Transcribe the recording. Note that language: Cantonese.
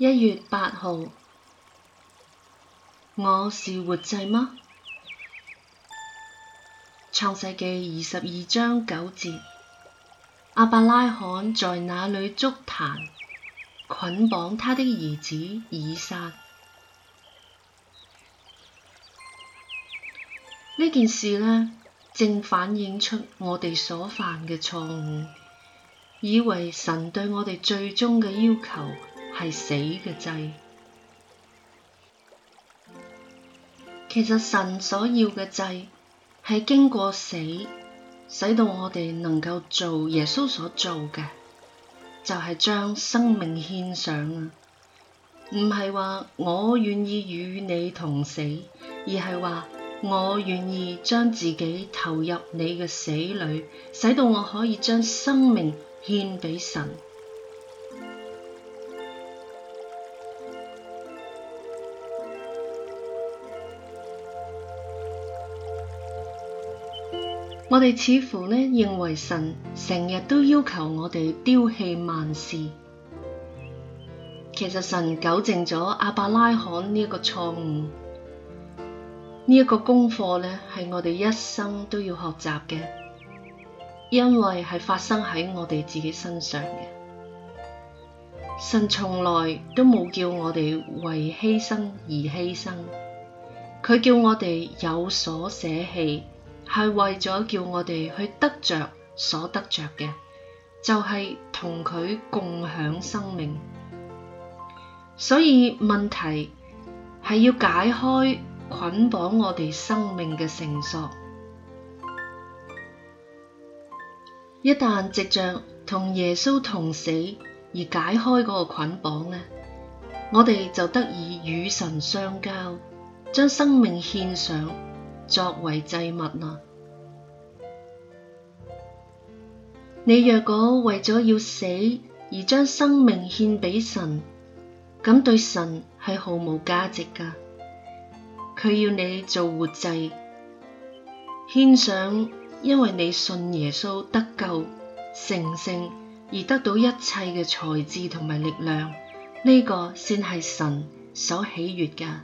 一月八號，我是活祭嗎？創世記二十二章九節，亞伯拉罕在那裡築壇，捆綁他的兒子以撒。呢件事呢，正反映出我哋所犯嘅錯誤，以為神對我哋最終嘅要求係死嘅祭，其實神所要嘅祭係經過死，使到我哋能夠做耶穌所做嘅，就係將生命獻上啊！唔係話我願意與你同死，而係話我願意將自己投入你嘅死裏，使到我可以將生命獻畀神。我哋似乎呢，認為神成日都要求我哋丟棄萬事，其實神糾正咗阿伯拉罕呢一個錯誤，呢、這、一個功課呢，係我哋一生都要學習嘅，因為係發生喺我哋自己身上嘅。神從來都冇叫我哋為犧牲而犧牲，佢叫我哋有所捨棄。係為咗叫我哋去得着所得着嘅，就係同佢共享生命。所以問題係要解開捆綁我哋生命嘅繩索。一旦藉著同耶穌同死而解開嗰個捆綁呢，我哋就得以與神相交，將生命獻上。作為祭物啦，你若果為咗要死而將生命獻俾神，咁對神係毫無價值噶。佢要你做活祭，獻上，因為你信耶穌得救、成聖而得到一切嘅才智同埋力量，呢、這個先係神所喜悦噶。